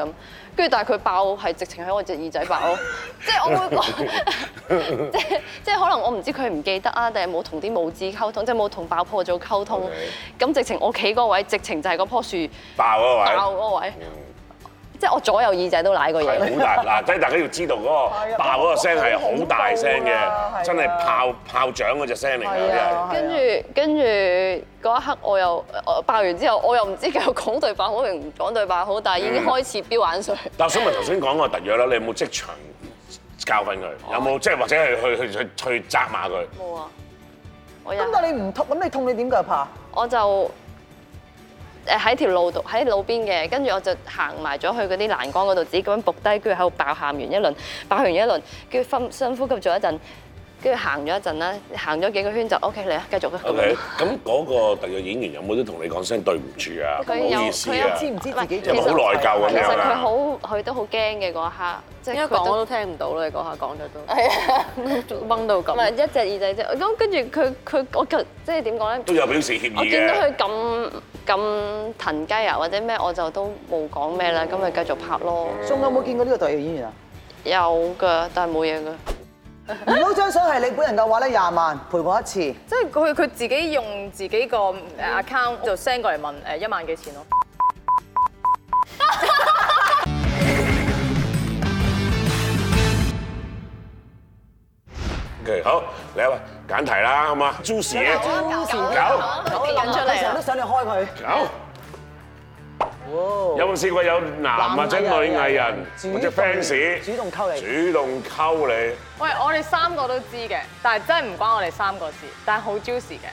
跟住但係佢爆係直情喺我隻耳仔爆，即係我會講，即係即係可能我唔知佢唔記得啊，定係冇同啲母子溝通，即係冇同爆破組溝通，咁好的 直情我企嗰位直情就係嗰棵樹爆嗰位。爆即係我左右耳仔都舐過嘢。好大嗱，即係大家要知道嗰個爆嗰個聲係好大聲嘅，真係炮炮仗嗰隻聲嚟嘅。跟住跟住嗰一刻我，我又爆完之後，我又唔知繼續講對白好定唔講對白好但係，已經開始飆眼水、嗯。但係想問頭先講個特約啦，你有冇即場教訓佢？有冇即係或者係去去去去責罵佢？冇啊。咁但你唔痛，咁你痛你點解怕？我就。誒喺條路度，喺路邊嘅，跟住我就行埋咗去嗰啲欄杆嗰度，自己咁樣伏低，跟住喺度爆喊完一輪，爆完一輪，跟住深深呼吸咗一陣。跟住行咗一陣啦，行咗幾個圈就 OK 嚟啦，繼續啦。OK，咁嗰個特約演員有冇得同你講聲對唔住啊？唔好意思啊。佢又知唔知？自己其實好內疚咁樣。其實佢好，佢都好驚嘅嗰刻，即係因為講我都聽唔到啦，嗰下講咗都。係啊，掹到咁。唔係一隻耳仔啫，咁跟住佢佢我嘅即係點講咧？都有表示歉意嘅。我見到佢咁咁騰雞啊，或者咩，我就都冇講咩啦，咁咪繼續拍咯。仲有冇見過呢個特約演員啊？有㗎，但係冇嘢㗎。唔好 *music* 張相係你本人嘅話咧，廿萬賠我一次。即係佢佢自己用自己個 account 就 send 過嚟問誒一萬幾錢咯。好，你啊揀題啦，好嘛？朱氏朱善九，九，我都想你開佢。九有冇試過有男或者女藝人，或者 fans 主動溝你，主動溝你？喂，我哋三個都知嘅，但係真係唔關我哋三個事，但係好 juicy 嘅。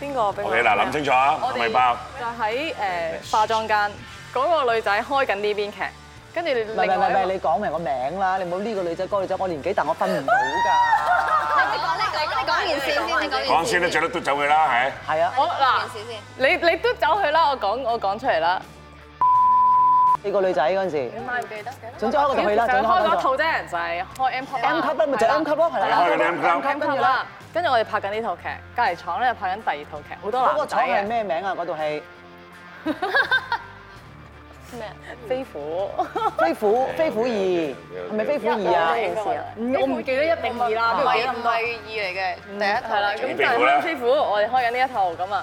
邊個？畀你嗱，諗清楚，我未包。就喺誒化妝間，嗰個女仔開緊呢邊劇，跟住你。唔係唔係唔係，你講明個名啦，你冇呢個女仔，嗰個女仔我年紀大，我分唔到㗎。你講你你講件事先，你講件事先。講先啦，最多都走佢啦，係。係啊。好嗱，你你都走佢啦，我講我講出嚟啦。呢個女仔嗰陣時，點解唔記得嘅？總之開個套戲啦，總之開嗰套啫，就係開 M 級。M 級咪就 M 級咯，係啦，M 級啦。跟住咧，跟住我哋拍緊呢套劇，隔離廠咧又拍緊第二套劇。好多男仔啊！嗰個廠係咩名啊？嗰套戲咩？飛虎。飛虎，飛虎二係咪飛虎二啊？唔，我唔記得一、定二啦，唔係二嚟嘅，第一係啦。咁就係飛虎，我哋開緊呢一套咁啊。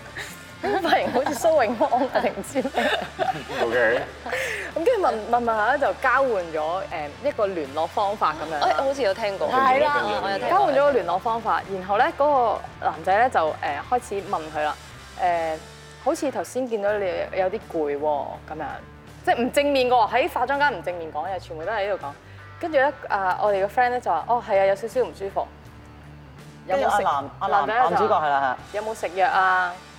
髮型好似蘇永康定唔知啦。OK 的。咁跟住問問問下咧，就交換咗誒一個聯絡方法咁樣。誒，我好似對有聽過。係啦，我有聽過。交換咗個聯絡方法，然後咧嗰個男仔咧就誒開始問佢啦。誒，好似頭先見到你有啲攰喎，咁樣。即係唔正面喎，喺化妝間唔正面講嘢，全部都喺呢度講。跟住咧，啊，我哋個 friend 咧就話：哦，係啊，有少少唔舒服。有冇食？男阿男，男主角係啦。有冇食藥啊？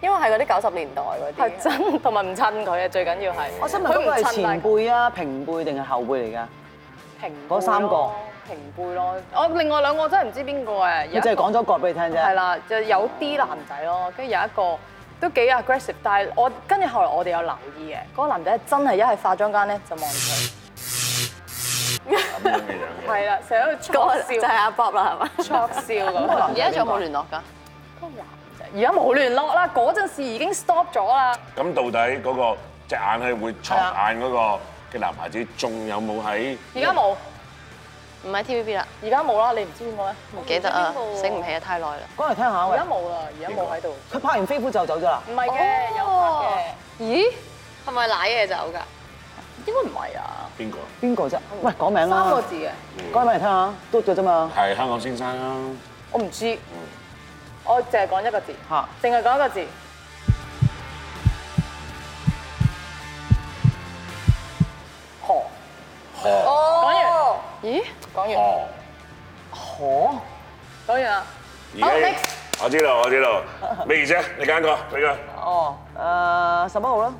因為係嗰啲九十年代嗰啲，係真同埋唔襯佢嘅，最緊要係。我想問佢唔係前輩啊，平輩定係後輩嚟㗎？平輩嗰三個平輩咯，我另外兩個真係唔知邊個啊。即係講咗個俾你聽啫。係啦，就有啲男仔咯，跟住有一個都幾 aggressive，但係我跟住後來我哋有留意嘅，嗰個男仔真係一係化妝間咧就望住佢。係啦，成日喺度錯笑就係阿 Bob 啦，係嘛？錯笑咁。而家仲有冇聯絡㗎？都冇。而家冇亂 l o 啦，嗰陣時已經 stop 咗啦。咁到底嗰個隻眼係會藏眼嗰個嘅男孩子，仲有冇喺？而家冇，唔喺 TVB 啦。而家冇啦，你唔知邊個咧？唔記得啊，醒唔起啊，太耐啦。講嚟聽下。而家冇啦，而家冇喺度。佢拍完飛虎就走咗啦？唔係嘅，有拍嘅。咦？係咪瀨嘢走㗎？應該唔係啊。邊個？邊個啫？喂，講名啦。三個字嘅。講嚟聽下。d 咗啫嘛。係香港先生啊。我唔知。我淨係講一個字，淨係講一個字，河，河和，講完，咦和？講完，河和，講完啦。哦好，我知道，我知道。May 姐你揀個，你嘅。哦，誒、呃，十一號啦。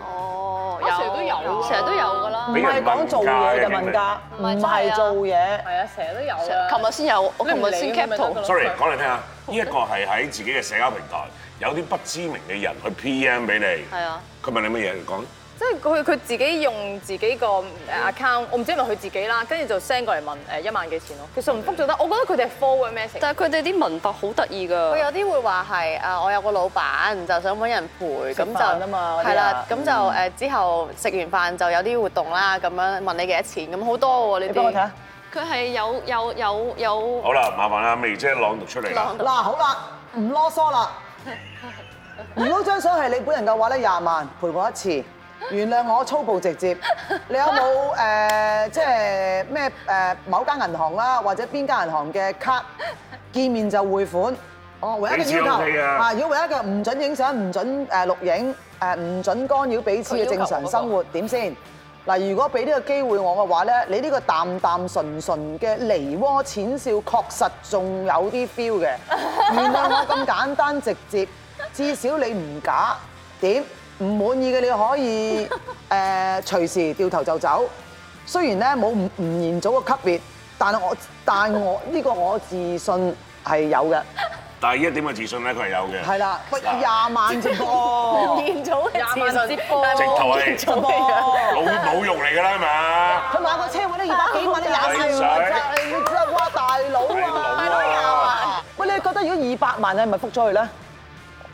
哦，成日都有，成日都有㗎啦。唔係講做嘢嘅問價，唔係做嘢。係啊，成日都有。琴日先有，我琴日先 cap 咗圖。Sorry，講嚟聽下，呢一個係喺自己嘅社交平台，有啲不知名嘅人去 PM 俾你。係啊，佢問你乜嘢？講。即係佢佢自己用自己個 account，我唔知係咪佢自己啦，跟住就 send 過嚟問誒一萬幾錢咯。其實唔復做得，我覺得佢哋係 forward message。但係佢哋啲文法好得意㗎。佢有啲會話係啊，我有個老闆就想揾人陪，咁就吖嘛？係啦對，咁就誒之後食完飯就有啲活動啦，咁樣問你幾多錢，咁好多喎你。你幫我睇下，佢係有有有有。有有有好啦，麻煩啦，薇姐朗讀出嚟啦。嗱好啦，唔囉嗦啦，如 *laughs* 果張相係你本人嘅話咧，廿萬陪我一次。原諒我粗暴直接，你有冇誒、呃、即係咩誒某間銀行啦，或者邊間銀行嘅卡見面就匯款？哦，唯一嘅要求啊，如果唯一嘅唔準影相，唔準誒錄影，誒唔準干擾彼此嘅正常生活，點先？嗱，如果俾呢個機會我嘅話咧，你呢個淡淡純純嘅梨渦淺笑，確實仲有啲 feel 嘅。原諒我咁簡單直接，至少你唔假，點？唔滿意嘅你可以誒隨時掉頭就走。雖然咧冇唔吳彥祖嘅級別，但係我但係我呢、這個我自信係有嘅。但係依家點嘅自信咧，佢係有嘅。係啦，喂，廿萬接波，彥祖嘅自信先。直掉頭係冇冇用嚟㗎啦嘛。佢買個車位都二百幾萬，你廿萬，你真係哇大佬啊！大佬，廿萬。喂，你覺得如果二百萬你係咪復咗去咧？是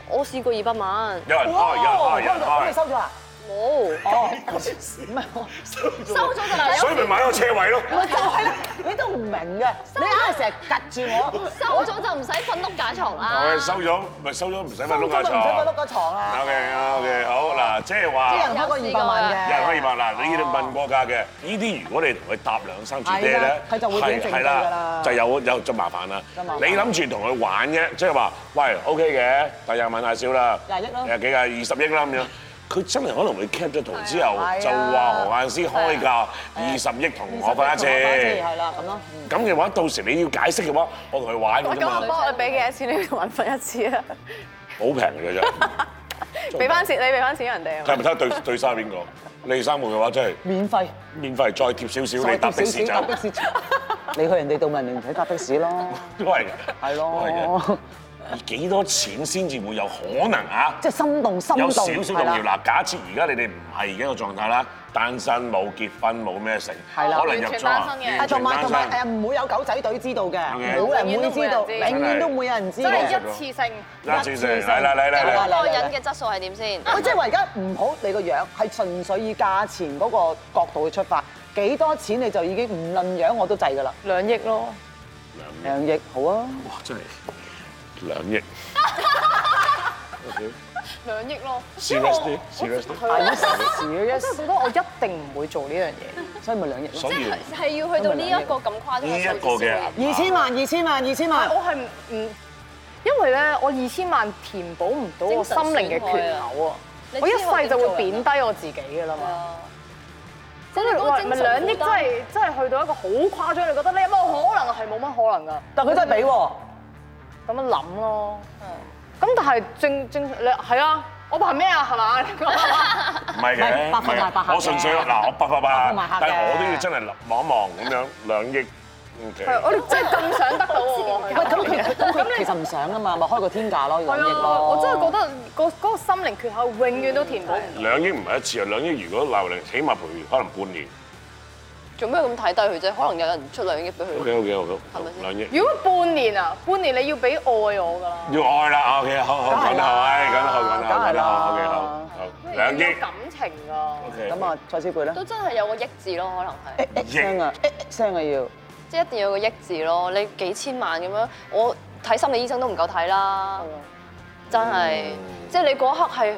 我試過二百萬有，哇！幫你收咗啊！冇哦，唔係我收咗就嗱，所以咪買咗車位咯，咪就係你都唔明嘅，你硬係成日格住我，收咗就唔使瞓碌架床啦，收咗咪收咗，唔使瞓碌架床啊，瞓唔瞓碌架床啊？OK OK 好嗱，即係話，有人交過二百萬嘅，有人可以話嗱，你問過價嘅，呢啲如果你同佢搭兩三次車咧，佢就會變啦，就有有就麻煩啦，你諗住同佢玩啫，即係話，喂 OK 嘅，第係廿萬太少啦，廿億咯，廿幾啊二十億啦咁樣。佢真係可能會 cap 咗圖之後，就話何雁詩開價二十億同我分一次。咁嘅話，到時你要解釋嘅話，我同佢玩。我咁我俾幾多錢你揾分一次啊？好平嘅啫，俾翻錢你俾翻錢人哋啊？睇唔睇對對手係邊個？你三門嘅話真係免費，免費再貼少少你搭的士走，你去人哋度問唔睇搭的士咯，係係咯。幾多錢先至會有可能啊？即係心動，心有少少動搖。嗱，假設而家你哋唔係而家個狀態啦，單身冇結婚冇咩成，係啦，完全單身嘅，同埋同埋係啊，唔會有狗仔隊知道嘅，冇人會知道，永遠都冇人知。真係一次性，一次性。嚟嚟嚟嚟嚟個人嘅質素係點先？即係話而家唔好你個樣，係純粹以價錢嗰個角度去出發，幾多錢你就已經唔論樣我都制㗎啦。兩億咯，兩億好啊！哇，真係～ *laughs* 兩億，兩億咯。See you later. See you later. 係啊，一時時咯，一時時。好多我一定唔會做呢樣嘢，所以咪兩億咯。言即係係要去到呢一個咁誇張嘅數字。呢一個嘅，二千萬，二千萬，二千萬。我係唔唔，因為咧，我二千萬填補唔到我心靈嘅缺口啊！我一世就會貶低我自己㗎喇嘛。真係，我話唔係兩億，真係真係去到一個好誇張。你覺得你有冇可能係冇乜可能㗎？但係佢真係俾喎。咁樣諗咯，嗯，咁但係正正你係啊，我扮咩啊？係嘛？唔係嘅，我純粹嗱，我扮百百，但係我都要真係望一望咁樣兩億，我哋真係咁想得到，咁其實唔想啊嘛，咪開個天價咯，兩億咯。我真係覺得個嗰個心靈缺口永遠都填唔到。兩億唔係一次啊，兩億如果攬嚟，起碼賠可能半年。做咩咁睇低佢啫？可能有人出兩億俾佢。O K O K O K，係咪先兩億？如果半年啊，半年你要俾愛我㗎啦。要愛啦，O K，好，梗係啦，梗係啦，梗係啦，O K，好。好，兩億。有感情㗎。O K，咁啊，蔡思貝咧。都真係有個億字咯，可能係。億億聲啊！億億聲啊！要。即係一定要有個億字咯，你幾千萬咁樣，我睇心理醫生都唔夠睇啦，真係。即係你嗰刻係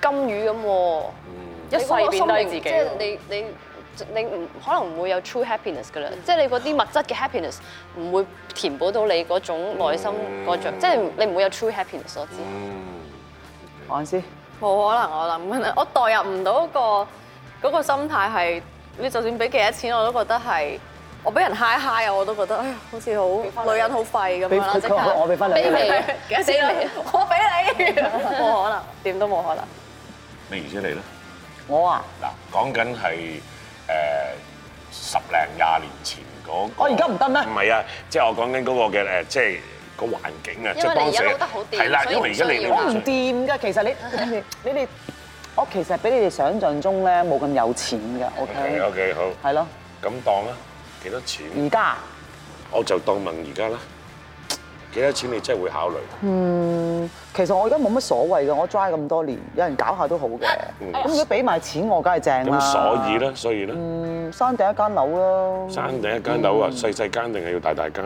金魚咁喎，一世變低自己。即係你你。你唔可能唔會有 true happiness 㗎啦，即係你嗰啲物質嘅 happiness 唔會填補到你嗰種內心嗰種，即係你唔會有 true happiness 所知。我諗先，冇可能我諗我代入唔到個嗰個心態係，你就算俾幾多錢我都覺得係，我俾人嗨嗨呀我都覺得，哎呀好似好女人好廢咁樣啦，即刻俾你我俾你，冇可能，點都冇可能。你而且你咧，我啊嗱講緊係。十零廿年前講、那個，我而家唔得咩？唔係啊，即係我講緊嗰個嘅誒，即、就、係、是、個環境啊，即係因為 當時係啦。因為而家你都唔掂㗎，其實你你哋，我其實比你哋想像中咧冇咁有錢㗎。O K O K，好，係咯，咁對了 當啦，幾多錢？而家在，我就當問而家啦。幾多錢你真係會考慮？嗯，其實我而家冇乜所謂嘅，我 dry 咁多年，有人搞下都好嘅。咁 *laughs* 如果俾埋錢，我梗係正啦。咁所以咧，所以咧、嗯，山頂一間樓咯。山頂一間樓啊，嗯、細細間定係要大大間？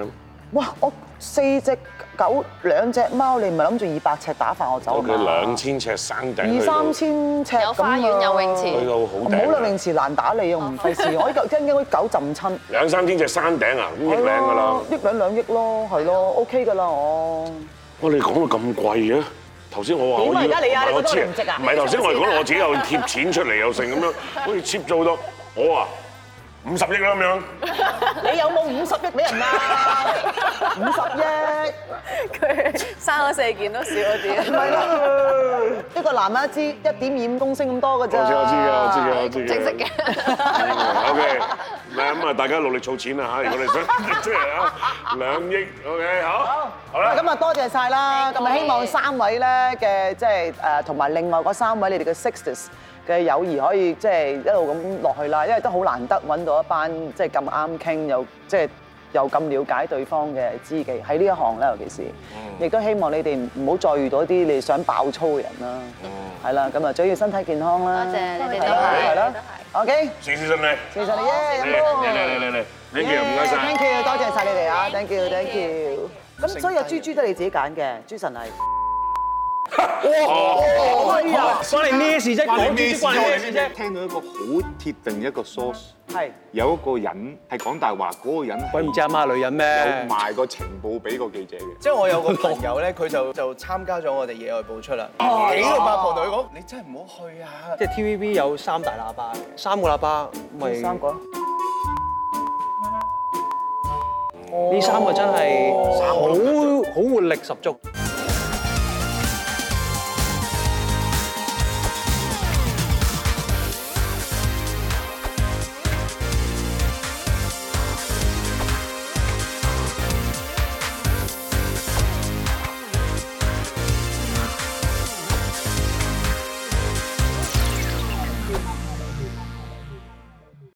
哇！我四隻狗，兩隻貓，你唔係諗住二百尺打發我走佢嘛？兩千尺山頂，二三千尺有花園、游泳池，佢個好頂。好啦，泳池難打理又唔費事，我一陣間嗰啲狗浸親。兩三千尺山頂啊，咁億兩㗎啦，億兩兩億咯，係咯，OK 㗎啦我。喂，你講到咁貴啊？頭先我話而家你啊？你嗰個值啊？唔係，頭先我係講我自己又貼錢出嚟又剩咁樣，好似 cheap 咗好多。我啊～五十億啦咁樣，你有冇五十億俾人啊？五十億，佢生咗四件都少咗啲 *laughs* 了，唔係咯。一個男人一支，一點二五公升咁多㗎啫。我知，我知嘅，我知嘅。正式嘅。 *laughs* OK，嗱咁啊，大家努力儲錢啦吓！如果你想出嚟啊，兩億 OK，好。好。咁啊，多謝晒啦。咁啊的，希望三位咧嘅即係誒，同埋另外嗰三位你哋嘅 Sixties 嘅友誼可以即係一路咁落去啦，因為都好難得揾到一班即係咁啱傾，又即係又咁瞭解對方嘅知己喺呢一行咧，尤其是亦都希望你哋唔好再遇到啲你哋想爆粗嘅人啦。係啦，咁啊，主要身體健康啦。多謝你哋都係，係咯。OK。謝謝你。謝謝你耶。嚟嚟嚟嚟，thank you 唔該曬，多謝曬你哋啊，thank you thank you。咁所以豬豬都係你自己揀嘅，朱晨麗。哇！關你咩事啫？我聽到一個好貼定一個 source，係有一個人係講大話，嗰個人鬼唔知阿媽女人咩，有賣個情報俾個記者嘅。即係我有個朋友咧，佢就就參加咗我哋野外播出啦。幾個八婆同佢講，你真係唔好去啊！即係 TVB 有三大喇叭，三個喇叭咪。三個。呢三個真係好好活力十足。